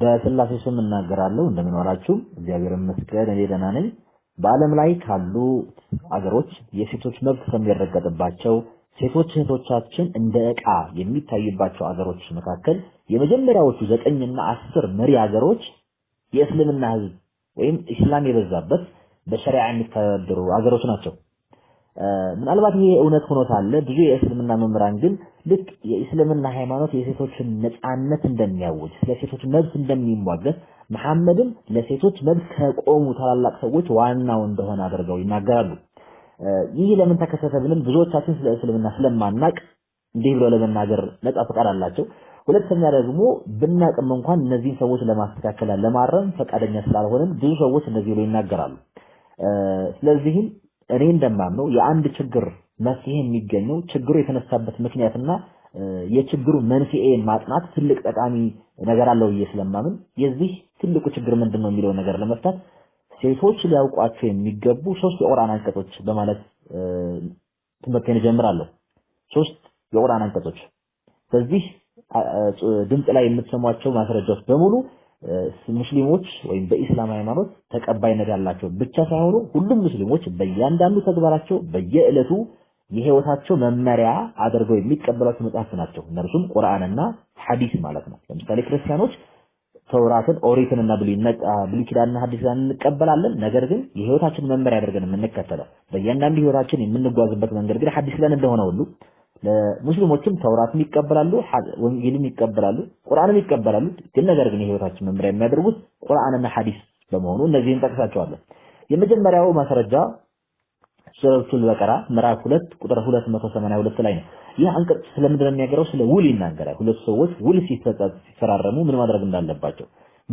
በስላሴ ስም እናገራለሁ። እንደምን ዋላችሁ? እግዚአብሔር ይመስገን እኔ ደህና ነኝ። በዓለም ላይ ካሉ አገሮች የሴቶች መብት ከሚረገጥባቸው ሴቶች እህቶቻችን እንደ ዕቃ የሚታዩባቸው አገሮች መካከል የመጀመሪያዎቹ ዘጠኝና አስር መሪ አገሮች የእስልምና ህዝብ ወይም ኢስላም የበዛበት በሸሪዓ የሚተዳደሩ አገሮች ናቸው። ምናልባት ይሄ እውነት ሆኖ ሳለ ብዙ የእስልምና መምህራን ግን ልክ የእስልምና ሃይማኖት የሴቶችን ነፃነት እንደሚያውጅ ስለ ሴቶች መብት እንደሚሟገት መሐመድም ለሴቶች መብት ከቆሙ ታላላቅ ሰዎች ዋናው እንደሆነ አድርገው ይናገራሉ። ይህ ለምን ተከሰተ ብንል ብዙዎቻችን ስለ እስልምና ስለማናቅ እንዲህ ብሎ ለመናገር ነጻ ፈቃድ አላቸው። ሁለተኛ ደግሞ ብናቅም እንኳን እነዚህን ሰዎች ለማስተካከል ለማረም ፈቃደኛ ስላልሆነም ብዙ ሰዎች እንደዚህ ብሎ ይናገራሉ። ስለዚህም እኔ እንደማምነው የአንድ ችግር መፍትሄ የሚገኘው ችግሩ የተነሳበት ምክንያትና የችግሩ መንስኤን ማጥናት ትልቅ ጠቃሚ ነገር አለው ብዬ ስለማምን የዚህ ትልቁ ችግር ምንድን ነው የሚለውን ነገር ለመፍታት ሴቶች ሊያውቋቸው የሚገቡ ሶስት የቁርአን አንቀጾች በማለት ትምህርቴን እጀምራለሁ። ሶስት የቁርአን አንቀጾች በዚህ ድምፅ ላይ የምትሰሟቸው ማስረጃዎች በሙሉ ሙስሊሞች ወይም በኢስላም ሃይማኖት ተቀባይነት ያላቸው ብቻ ሳይሆኑ ሁሉም ሙስሊሞች በእያንዳንዱ ተግባራቸው በየዕለቱ የህይወታቸው መመሪያ አድርገው የሚቀበሏቸው መጽሐፍ ናቸው። እነርሱም ቁርአንና ሐዲስ ማለት ነው። ለምሳሌ ክርስቲያኖች ተውራትን፣ ኦሪትንና ብሉይ ኪዳንና ሐዲስን እንቀበላለን። ነገር ግን የህይወታችን መመሪያ አድርገን የምንከተለው በእያንዳንዱ ህይወታችን የምንጓዝበት መንገድ ግን ሐዲስ ኪዳን እንደሆነ ሁሉ ለሙስሊሞችም ተውራትም ይቀበላሉ፣ ወንጌልም ይቀበላሉ፣ ቁርአንም ይቀበላሉ። ግን ነገር ግን የህይወታችን መምሪያ የሚያደርጉት ቁርአንና ሐዲስ በመሆኑ እነዚህን ጠቅሳቸዋለሁ። የመጀመሪያው ማስረጃ ሱረቱል በቀራ ምዕራፍ 2 ቁጥር 282 ላይ ነው። ይህ አንቀጽ ስለምንድነው የሚያገረው? ስለ ውል ይናገራል። ሁለት ሰዎች ውል ሲፈራረሙ ምን ማድረግ እንዳለባቸው፣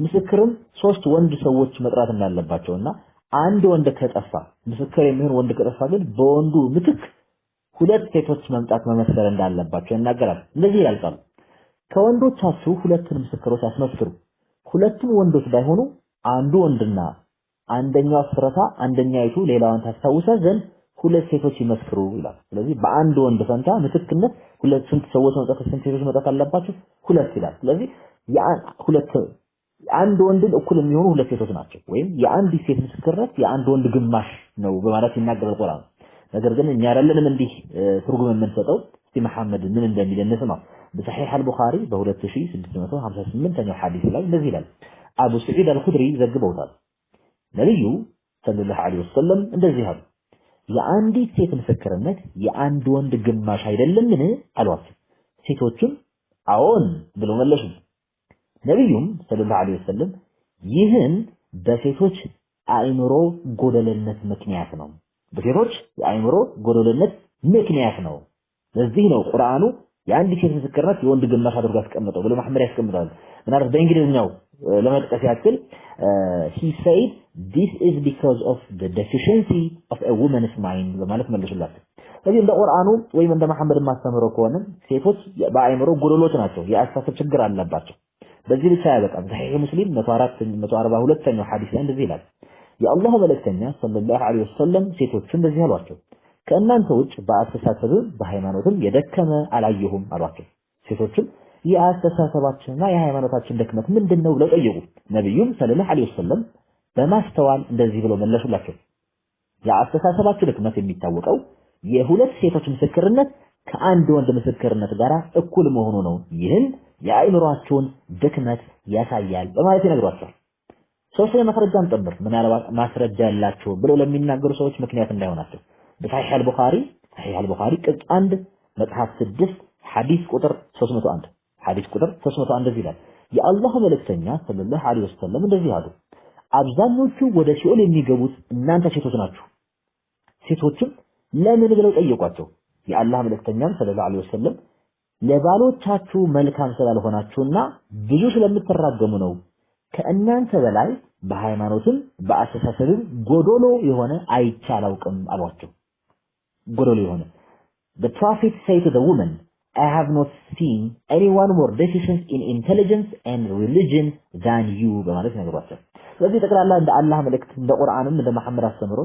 ምስክርም ሶስት ወንድ ሰዎች መጥራት እንዳለባቸውና አንድ ወንድ ከጠፋ ምስክር የሚሆን ወንድ ከጠፋ ግን በወንዱ ምትክ ሁለት ሴቶች መምጣት መመስከር እንዳለባቸው ይናገራል። እንደዚህ ያልቃሉ። ከወንዶቻችሁ ሁለቱን ምስክሮች አስመስክሩ። ሁለቱም ወንዶች ባይሆኑ አንዱ ወንድና አንደኛው አስረታ አንደኛይቱ ሌላዋን ታስታውሳ ዘንድ ሁለት ሴቶች ይመስክሩ ይላል። ስለዚህ በአንድ ወንድ ፈንታ ምስክርነት ሁለት ስንት ሰዎች መጣት ስንት ሴቶች መጣት አለባቸው? ሁለት ይላል። ስለዚህ ሁለት አንድ ወንድን እኩል የሚሆኑ ሁለት ሴቶች ናቸው። ወይም የአንድ ሴት ምስክርነት የአንድ ወንድ ግማሽ ነው በማለት ይናገራል ቁርአን። ነገር ግን እኛ አይደለንም እንዲህ ትርጉም የምንሰጠው። እስቲ መሐመድ ምን እንደሚል እንስማ። በሰሒህ አልቡኻሪ በ 2658 ተኛው ሐዲስ ላይ እንደዚህ ይላል። አቡ ሰዒድ አልኹድሪ ዘግበውታል። ነቢዩ ሰለላሁ ዐለይሂ ወሰለም እንደዚህ አሉ፣ የአንዲት ሴት ምስክርነት የአንድ ወንድ ግማሽ አይደለምን አሏት። ሴቶቹም አዎን ብለው መለሱ። ነቢዩም ሰለላሁ ዐለይሂ ወሰለም ይህን በሴቶች አእምሮ ጎደለነት ምክንያት ነው በሴቶች የአእምሮ ጎዶልነት ምክንያት ነው። ለዚህ ነው ቁርአኑ የአንድ ሴት ምስክርነት የወንድ ግማሽ አድርጎ ያስቀምጠው ብሎ መሐመድ ያስቀምጠዋል። ምናልባት በእንግሊዝኛው ለመጥቀስ ያክል ሂ ሰይድ ዲስ ኢዝ ቢካዝ ኦፍ ዘ ዴፊሽንሲ ኦፍ አ ውመንስ ማይንድ በማለት መልሱላት። ስለዚህ እንደ ቁርአኑ ወይም እንደ መሐመድ የማስተምረው ከሆነ ሴቶች በአእምሮ ጎደሎች ናቸው፣ የአስተሳሰብ ችግር አለባቸው። በዚህ ብቻ ያበቃል። ሰሒህ ሙስሊም 104 142ኛው ሐዲስ ላይ እንደዚህ ይላል የአላህ መልእክተኛ ሰለላሁ ዐለይሂ ወሰለም ሴቶቹን እንደዚህ አሏቸው፣ ከእናንተ ውጭ በአስተሳሰብም በሃይማኖትም የደከመ አላየሁም አሏቸው። ሴቶችም የአስተሳሰባችንና የሃይማኖታችን ደክመት ምንድን ነው ብለው ጠየቁ። ነቢዩም ሰለላሁ ዐለይሂ ወሰለም በማስተዋል እንደዚህ ብለው መለሱላቸው፣ የአስተሳሰባችሁ ድክመት የሚታወቀው የሁለት ሴቶች ምስክርነት ከአንድ ወንድ ምስክርነት ጋር እኩል መሆኑ ነው። ይህም የአእምሯቸውን ድክመት ያሳያል በማለት ይነግሯቸዋል። ሶስተኛ ማስረጃን ጨምር ምን ማስረጃ ያላችሁ ብሎ ለሚናገሩ ሰዎች ምክንያት እንዳይሆናቸው በሳሂህ አልቡኻሪ ሳሂህ አልቡኻሪ ቅጽ 1 መጽሐፍ 6 ሐዲስ ቁጥር 301 ሐዲስ ቁጥር 301 እንደዚህ ይላል። የአላህ መልእክተኛ ሰለላሁ ዐለይሂ ወሰለም እንደዚህ አሉ። አብዛኞቹ ወደ ሲኦል የሚገቡት እናንተ ሴቶች ናችሁ። ሴቶችም ለምን ብለው ጠየቋቸው። የአላህ መልእክተኛም ሰለላሁ ዐለይሂ ወሰለም ለባሎቻችሁ መልካም ስላልሆናችሁና ብዙ ስለምትራገሙ ነው ከእናንተ በላይ በሃይማኖትም በአስተሳሰብም ጎዶሎ የሆነ አይቼ አላውቅም አሏቸው። ጎዶሎ የሆነ The prophet say to the woman, I have not seen anyone more deficient in intelligence and religion than you በማለት ነገሯቸው። ስለዚህ ጠቅላላ እንደ አላህ መልእክት እንደ ቁርአንም እንደ መሐመድ አስተምሮ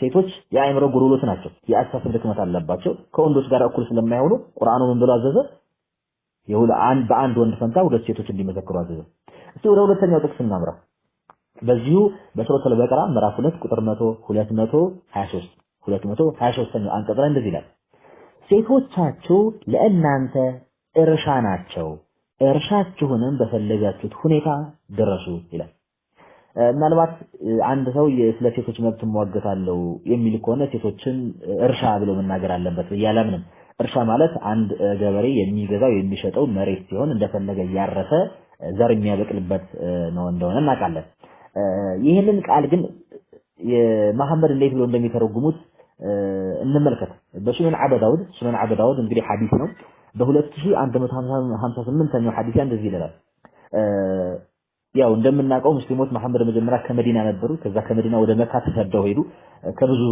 ሴቶች የአእምሮ ጎዶሎት ናቸው፣ የአስተሳሰብ ድክመት አለባቸው። ከወንዶች ጋር እኩል ስለማይሆኑ ቁርአኑ ምን ብሎ አዘዘ? የሁለአን በአንድ ወንድ ፈንታ ሁለት ሴቶች እንዲመዘክሩ አዘዘ። እስቲ ወደ ሁለተኛው ጥቅስ እናምራ። በዚሁ በሱረቱል በቀራ ምዕራፍ 2 ቁጥር 100 223 223 አንቀጽ ላይ እንደዚህ ይላል፣ ሴቶቻችሁ ለእናንተ እርሻ ናቸው፣ እርሻችሁንም በፈለጋችሁት ሁኔታ ድረሱ ይላል። ምናልባት አንድ ሰው ስለ ሴቶች መብት እሟገታለሁ የሚል ከሆነ ሴቶችን እርሻ ብሎ መናገር አለበት ብዬ አላምንም። እርሻ ማለት አንድ ገበሬ የሚገዛው የሚሸጠው መሬት ሲሆን እንደፈለገ እያረሰ ዘር የሚያበቅልበት ነው እንደሆነ እናውቃለን። ይህንን ቃል ግን መሐመድ እንዴት ብሎ እንደሚተረጉሙት እንመልከት። በሱነን አበዳውድ ሱነን አበዳውድ እንግዲህ ሐዲስ ነው። በ2158ኛው ሐዲስ እንደዚህ ይላል። ያው እንደምናውቀው ሙስሊሞች መሐመድ መጀመሪያ ከመዲና ነበሩ። ከዛ ከመዲና ወደ መካ ተሰደው ሄዱ ከብዙ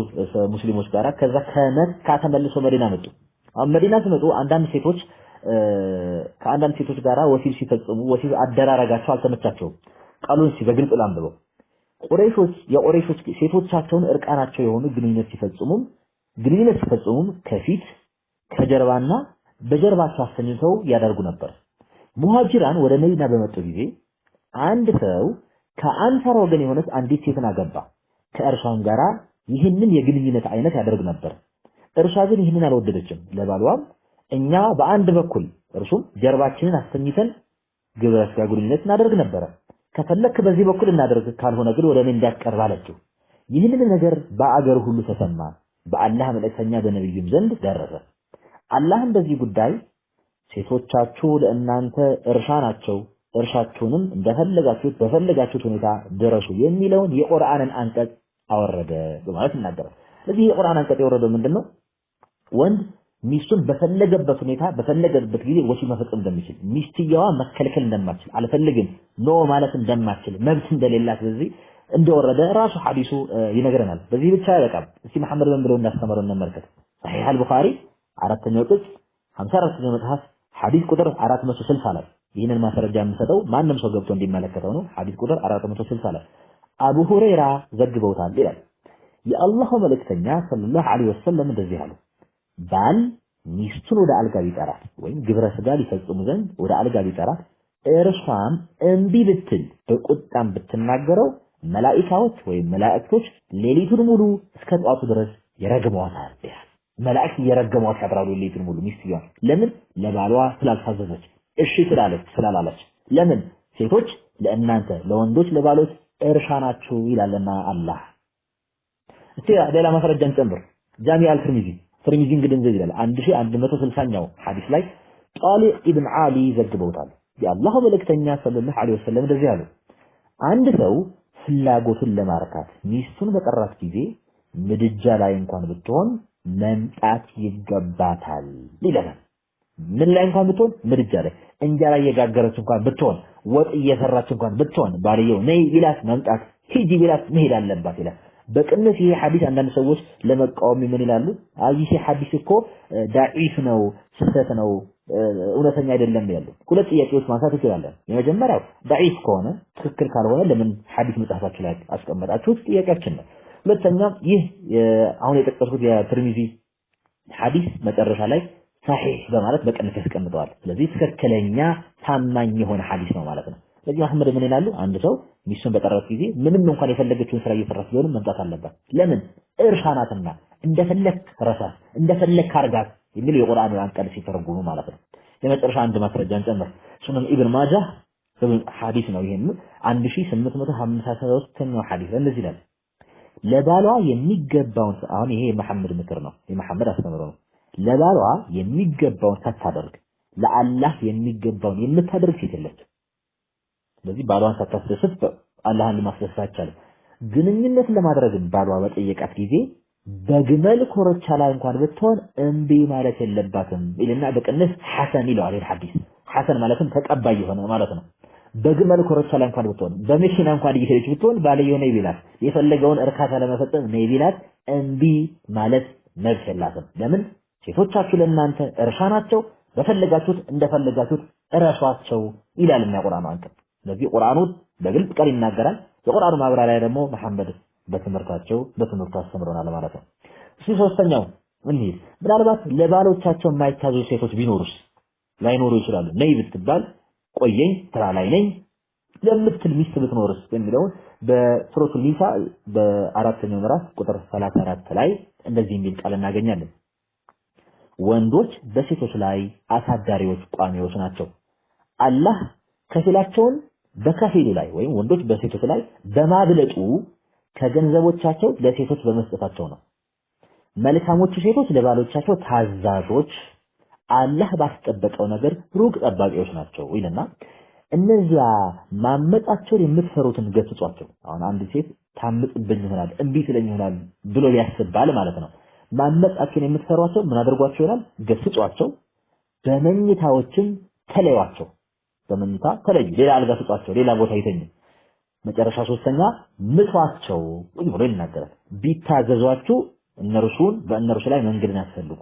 ሙስሊሞች ጋራ። ከዛ ከመካ ተመልሶ መዲና መጡ። መዲና ስመጡ አንዳንድ ሴቶች ከአንዳንድ ሴቶች ጋር ወሲብ ሲፈጽሙ ወሲብ አደራረጋቸው አልተመቻቸውም። ቃሉን ሲ በግልጽ ላንብበው። ቁረይሾች የቁረይሾች ሴቶቻቸውን እርቃናቸው የሆኑ ግንኙነት ሲፈጽሙም ግንኙነት ሲፈጽሙም ከፊት ከጀርባና በጀርባቸው አስተኝተው ያደርጉ ነበር። ሙሃጅራን ወደ መዲና በመጡ ጊዜ አንድ ሰው ከአንሳር ወገን የሆነች አንዲት ሴትን አገባ። ከእርሷን ጋራ ይህንን የግንኙነት አይነት ያደርግ ነበር። እርሷ ግን ይህንን አልወደደችም። ለባሏም እኛ በአንድ በኩል እርሱም ጀርባችንን አስተኝተን ግብረ ሥጋ ግንኙነት እናደርግ ነበረ። ከፈለክ በዚህ በኩል እናደርግ፣ ካልሆነ ግን ወደ እኔ እንዳትቀርብ አለችው። ይህንን ነገር በአገር ሁሉ ተሰማ፣ በአላህ መልእክተኛ በነቢዩም ዘንድ ደረሰ። አላህም በዚህ ጉዳይ ሴቶቻችሁ ለእናንተ እርሻ ናቸው፣ እርሻችሁንም እንደፈለጋችሁት በፈለጋችሁት ሁኔታ ድረሱ የሚለውን የቁርአንን አንቀጽ አወረደ በማለት ይናገራል። ስለዚህ የቁርአን አንቀጽ የወረደው ምንድን ነው? ወንድ ሚስቱን በፈለገበት ሁኔታ በፈለገበት ጊዜ ወሲብ መፈጸም እንደሚችል ሚስትየዋ መከልከል እንደማትችል አልፈልግም ኖ ማለት እንደማትችል መብት እንደሌላት በዚህ እንደወረደ ራሱ ሐዲሱ ይነግረናል። በዚህ ብቻ አይበቃም። እስቲ መሐመድ በን ብለው እንዳስተመረው እንመልከት። ሰሒህ አልቡኻሪ አራተኛው ቅጽ 54ኛው መጽሐፍ ሐዲስ ቁጥር 460 ላይ ይህንን ማስረጃ የምሰጠው ማንም ሰው ገብቶ እንዲመለከተው ነው። ሐዲስ ቁጥር 460 ላይ አቡ ሁረይራ ዘግበውታል ይላል። የአላሁ መልእክተኛ ሰለላሁ ዐለይሂ ወሰለም እንደዚህ አሉ ባል ሚስቱን ወደ አልጋ ቢጠራት ወይም ግብረ ስጋ ሊፈጽሙ ዘንድ ወደ አልጋ ቢጠራት እርሷም እምቢ ብትል በቁጣም ብትናገረው መላኢካዎች ወይም መላእክቶች ሌሊቱን ሙሉ እስከ ጠዋቱ ድረስ ይረግሟታል ይላል። መላእክት እየረገሟት ያድራሉ ሌሊቱን ሙሉ ሚስትየዋን። ለምን? ለባሏ ስላልታዘዘች፣ እሺ ስላለች ስላላለች። ለምን? ሴቶች ለእናንተ ለወንዶች ለባሎች እርሻ ናችሁ ይላልና አላህ። እስቲ ሌላ ማስረጃን ጨምር ጃሚ አልትርሚዚ ትርሚዚ እንግዲህ እንደዚህ ይላል 1160ኛው ሐዲስ ላይ ጣሊዕ ኢብን ዓሊ ዘግበውታል። የአላህ መልእክተኛ ሰለላሁ ዐለይሂ ወሰለም እንደዚህ አሉ። አንድ ሰው ፍላጎቱን ለማርካት ሚስቱን በጠራት ጊዜ ምድጃ ላይ እንኳን ብትሆን መምጣት ይገባታል ይለናል። ምን ላይ እንኳን ብትሆን ምድጃ ላይ እንጀራ እየጋገረች እንኳን ብትሆን፣ ወጥ እየሰራች እንኳን ብትሆን ባልየው ነይ ቢላት መምጣት፣ ሂጂ ቢላት መሄድ አለባት ይላል። በቅንፍ ይሄ ሐዲስ አንዳንድ ሰዎች ለመቃወም ምን ይላሉ? አይ ይሄ ሐዲስ እኮ ዳዒፍ ነው፣ ስህተት ነው፣ እውነተኛ አይደለም ያሉ ሁለት ጥያቄዎች ማንሳት እንችላለን። የመጀመሪያው ዳዒፍ ከሆነ ትክክል ካልሆነ ለምን ሐዲስ መጽሐፋችሁ ላይ አስቀመጣችሁት? ጥያቄያችን ነው። ሁለተኛ ይህ አሁን የጠቀስኩት የትርሚዚ ሐዲስ መጨረሻ ላይ ሳሒህ በማለት በቅንፍ ያስቀምጠዋል። ስለዚህ ትክክለኛ ታማኝ የሆነ ሐዲስ ነው ማለት ነው። ስለዚህ አህመድ ምን ይላሉ? አንድ ሰው ሚስቱን በጠራት ጊዜ ምንም እንኳን የፈለገችውን ስራ እየሰራች ቢሆንም መምጣት አለባት። ለምን እርሻ ናትና፣ እንደፈለክ ረሳት፣ እንደፈለክ አርጋት የሚል የቁርአን አንቀጽ ሲተረጉሙ ማለት ነው። የመጨረሻ አንድ ማስረጃ እንጨምር። ሱነን ኢብን ማጃ ሐዲስ ነው። ይሄን 1853 ነው ሐዲስ እንደዚህ ይላል። ለባሏ የሚገባውን አሁን ይሄ የመሐመድ ምክር ነው፣ የመሐመድ አስተምሮ ነው። ለባሏ የሚገባውን ሳታደርግ ለአላህ የሚገባውን የምታደርግ ሴት የለችም። ስለዚህ ባሏን ሳታስደስት አላህን ማስደሰት አይቻልም። ግንኙነት ለማድረግም ባሏ በጠየቃት ጊዜ በግመል ኮረቻ ላይ እንኳን ብትሆን እምቢ ማለት የለባትም ይልና በቅንስ ሐሰን ይለዋል። ይህ ሐዲስ ሐሰን ማለትም ተቀባይ የሆነ ማለት ነው። በግመል ኮረቻ ላይ እንኳን ብትሆን በመኪና እንኳን እየሄደች ብትሆን ባልየው ነይ ቢላት የፈለገውን እርካታ ለመፈጸም ነይ ቢላት እምቢ ማለት መብት የላትም። ለምን ሴቶቻችሁ ለእናንተ እርሻ ናቸው፣ በፈለጋችሁት እንደፈለጋችሁት እረሷቸው ይላል የሚያቆራማ አንቀጽ ስለዚህ ቁርአኑ በግልጽ ቃል ይናገራል። የቁርአኑ ማብራሪያ ደግሞ መሐመድ በትምህርታቸው በትምህርቱ አስተምሮናል ማለት ነው። እሺ ሶስተኛው እንሂድ። ምናልባት ለባሎቻቸው የማይታዙ ሴቶች ቢኖሩስ? ላይኖሩ ይችላሉ። ነይ ብትባል ቆየኝ ስራ ላይ ነኝ ለምትል ሚስት ብትኖርስ የሚለውን በሱረቱል ኒሳ በአራተኛው ምዕራፍ ቁጥር 34 ላይ እንደዚህ የሚል ቃል እናገኛለን። ወንዶች በሴቶች ላይ አሳዳሪዎች ቋሚዎች ናቸው። አላህ ከፊላቸውን በከፊሉ ላይ ወይም ወንዶች በሴቶች ላይ በማብለጡ ከገንዘቦቻቸው ለሴቶች በመስጠታቸው ነው። መልካሞቹ ሴቶች ለባሎቻቸው ታዛዦች፣ አላህ ባስጠበቀው ነገር ሩቅ ጠባቂዎች ናቸው ይልና እነዚያ ማመጻቸውን የምትፈሩትን ገስጿቸው። አሁን አንድ ሴት ታምጽብኝ ይሆናል እምቢ ትለኝ ይሆናል ብሎ ሊያስባል ማለት ነው። ማመጣቸውን የምትፈሯቸው ምን አድርጓቸው ይሆናል? ገስጿቸው፣ በመኝታዎችም ተለዩዋቸው። በመኝታ ተለዩ። ሌላ አልጋ ስጧቸው፣ ሌላ ቦታ ይተኙ። መጨረሻ ሶስተኛ ምቷቸው ብሎ ይናገራል። ቢታዘዟችሁ እነርሱን በእነርሱ ላይ መንገድን አትፈልጉ።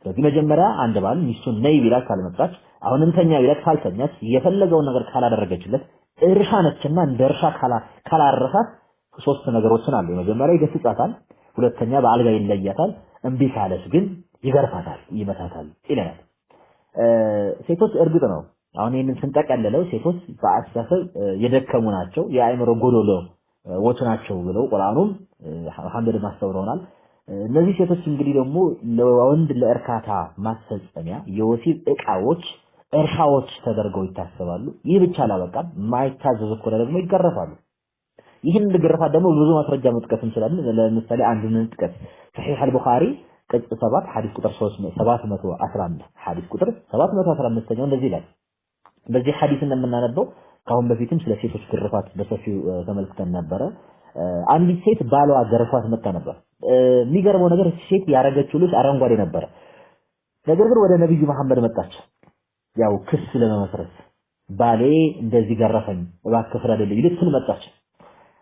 ስለዚህ መጀመሪያ አንድ ባል ሚስቱን ነይ ቢላት ካልመጣች፣ አሁንም ተኛ ቢላት ካልተኛች፣ የፈለገውን ነገር ካላደረገችለት እርሻ ነችና እንደ እርሻ ካላረሳት ሶስት ነገሮችን አሉ። የመጀመሪያ ይገስጻታል፣ ሁለተኛ በአልጋ ይለያታል፣ እምቢ ካለች ግን ይገርፋታል፣ ይመታታል ይለናል። ሴቶች እርግጥ ነው አሁን ይህንን ስንጠቀልለው ሴቶች በአስተሳሰብ የደከሙ ናቸው፣ የአእምሮ ጎዶሎ ወቱ ናቸው ብለው ቁርአኑም ሐምድ ማስተውለውናል። እነዚህ ሴቶች እንግዲህ ደግሞ ለወንድ ለእርካታ ማስፈጸሚያ የወሲብ እቃዎች እርሻዎች ተደርገው ይታሰባሉ። ይህ ብቻ አላበቃም። ማይታዘዙ ከሆነ ደግሞ ይገረፋሉ። ይህን ግርፋት ደግሞ ብዙ ማስረጃ መጥቀስ እንችላለን። ለምሳሌ አንዱን እንጥቀስ። ሰሒህ አልቡኻሪ ቅጽ 7 ሐዲስ ቁጥር 715 ሐዲስ ቁጥር 715ኛው እንደዚህ ይላል በዚህ ሐዲስ እንደምናነበው ከአሁን በፊትም ስለ ሴቶች ግርፋት በሰፊው ተመልክተን ነበረ። አንዲት ሴት ባሏ ገርፏት መጣ ነበር። የሚገርመው ነገር ሴት ያረገችው ልጅ አረንጓዴ ነበረ። ነገር ግን ወደ ነብዩ መሐመድ መጣች፣ ያው ክስ ለመመስረት ባሌ እንደዚህ ገረፈኝ፣ እባክህ ፍረድልኝ ልትል መጣች።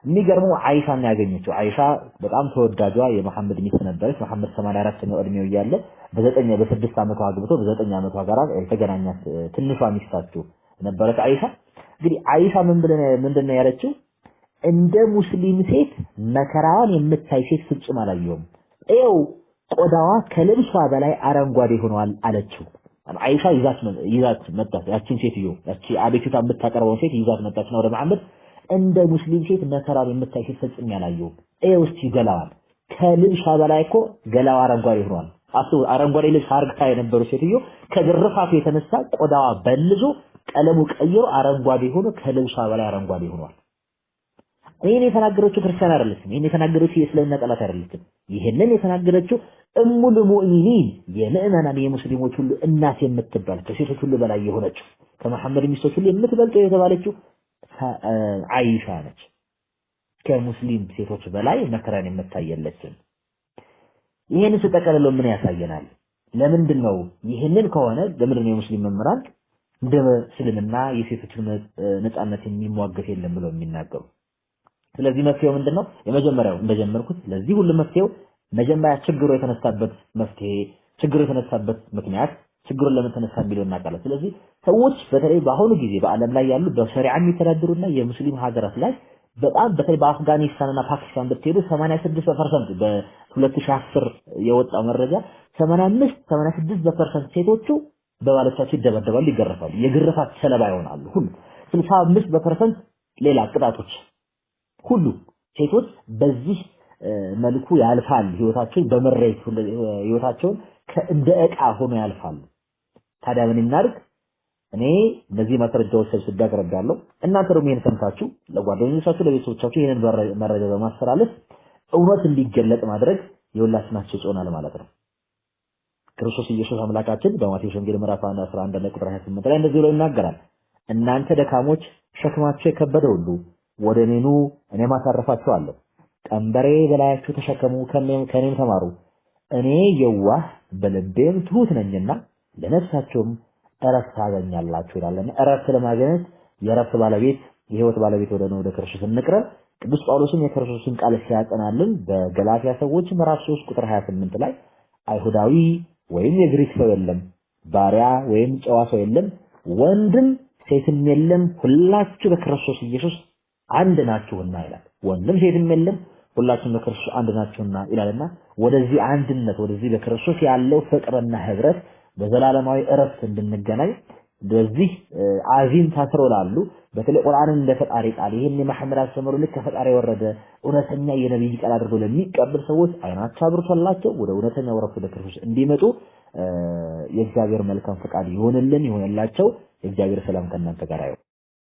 የሚገርመው አይሻን ያገኘችው። አይሻ በጣም ተወዳጇ የመሐመድ ሚስት ነበረች። መሐመድ 84 ነው እድሜው እያለ በዘጠኝ በስድስት ዓመቷ አግብቶ በዘጠኝ ዓመቷ ጋር የተገናኛት ትንሿ ሚስታችሁ ነበረች አይሻ። እንግዲህ አይሻ ምን ብለ ምንድን ነው ያለችው? እንደ ሙስሊም ሴት መከራዋን የምታይ ሴት ፍጹም አላየሁም። ይኸው ቆዳዋ ከልብሷ በላይ አረንጓዴ ሆኗል አለችው። አይሻ ይዛት ይዛት መጣች። ያቺን ሴትዮ ያቺ አቤቱታ የምታቀርበውን ሴት ይዛት መጣች ነው ወደ መሐመድ እንደ ሙስሊም ሴት መከራን የምታይ ሴት ፈጽሜ አላየሁም። ይኸው እስቲ ገላዋን ከልብሻ በላይ እኮ ገላዋ አረንጓዴ ሆኗል። አስቡ፣ አረንጓዴ ልብስ አርግታ የነበሩ ሴትዮ ከግርፋቱ የተነሳ ቆዳዋ በልዞ ቀለሙ ቀይሮ አረንጓዴ ሆኖ ከልብሷ በላይ አረንጓዴ ሆኗል። ይህን የተናገረችው ክርስቲያን አይደለችም። ይህን የተናገረችው የእስልምና ጠላት አይደለችም። ይህንን የተናገረችው እሙል ሙእሚኒን የምዕመናን የሙስሊሞች ሁሉ እናት የምትባል ከሴቶች ሁሉ በላይ የሆነችው ከመሐመድ ሚስቶች ሁሉ የምትበልጠው የተባለችው አይሻ ነች። ከሙስሊም ሴቶች በላይ መከራን የምታየለችን። ይህን ስጠቀልሎ ምን ያሳየናል? ለምንድን ነው ይህንን ከሆነ ለምንድን ነው የሙስሊም መምህራን እንደ እስልምና የሴቶችን ነጻነት የሚሟገት የለም ብለው የሚናገሩ? ስለዚህ መፍትሄው ምንድን ነው? የመጀመሪያው እንደጀመርኩት ለዚህ ሁሉ መፍትሄው መጀመሪያ ችግሩ የተነሳበት መፍትሄ ችግሩ የተነሳበት ምክንያት ችግሩን ለምን ተነሳ የሚለው እናውቃለን። ስለዚህ ሰዎች በተለይ በአሁኑ ጊዜ በዓለም ላይ ያሉ በሸሪዓ የሚተዳደሩና የሙስሊም ሀገራት ላይ በጣም በተለይ በአፍጋኒስታንና ፓኪስታን ብትሄዱ 86 በፐርሰንት በ2010 የወጣው መረጃ 85 86 በፐርሰንት ሴቶቹ በባለቻቸው ይደበደባሉ፣ ይገረፋሉ፣ የግርፋት ሰለባ ይሆናሉ። ሁሉ 65 በፐርሰንት ሌላ ቅጣቶች ሁሉ ሴቶች በዚህ መልኩ ያልፋል። ህይወታቸውን በመሬት ህይወታቸውን እንደ እቃ ሆኖ ያልፋሉ። ታዲያ ምን እናድርግ? እኔ እነዚህ ማስረጃዎች ሰብስቤ አቅርቤያለሁ። እናንተ ደግሞ ይሄን ሰምታችሁ ለጓደኞቻችሁ፣ ለቤተሰቦቻችሁ ይሄንን መረጃ በማስተላለፍ እውነት እንዲገለጥ ማድረግ የሁላችናችን ይሆናል ማለት ነው። ክርስቶስ ኢየሱስ አምላካችን በማቴዎስ ወንጌል ምዕራፍ 11 ላይ ቁጥር 28 ላይ እንደዚህ ብሎ ይናገራል። እናንተ ደካሞች ሸክማችሁ የከበደ ሁሉ ወደ እኔ ኑ እኔም አሳርፋችኋለሁ። ቀንበሬ በላያችሁ ተሸከሙ፣ ከኔም ተማሩ፣ እኔ የዋህ በልቤም ትሁት ነኝና ለነፍሳቸውም እረፍት ታገኛላችሁ ይላልና እረፍት ለማግኘት የእረፍት ባለቤት የህይወት ባለቤት ወደ ነው ወደ ክርስቶስ እንቅረብ። ቅዱስ ጳውሎስም የክርስቶስን ቃል ሲያጠናልን በገላትያ ሰዎች ምዕራፍ 3 ቁጥር 28 ላይ አይሁዳዊ ወይም የግሪክ ሰው የለም፣ ባሪያ ወይም ጨዋ ሰው የለም፣ ወንድም ሴትም የለም፣ ሁላችሁ በክርስቶስ ኢየሱስ አንድ ናችሁና ይላል። ወንድም ሴትም የለም፣ ሁላችሁ በክርስቶስ አንድ ናችሁና ይላልና ወደዚህ አንድነት ወደዚህ በክርስቶስ ያለው ፍቅርና ህብረት በዘላለማዊ እረፍት እንድንገናኝ በዚህ አዚም ታስሮ ላሉ በተለይ ቁርአንን እንደ ፈጣሪ ቃል ይህን የመሐመድ አስተምሮ ልክ ከፈጣሪ የወረደ እውነተኛ የነብይ ቃል አድርጎ ለሚቀበል ሰዎች አይናቸው አብርቶላቸው ወደ እውነተኛ ወረፍ ወደ ክርስቶስ እንዲመጡ የእግዚአብሔር መልካም ፈቃድ ይሆንልን ይሆንላቸው። የእግዚአብሔር ሰላም ከእናንተ ጋር ይሁን።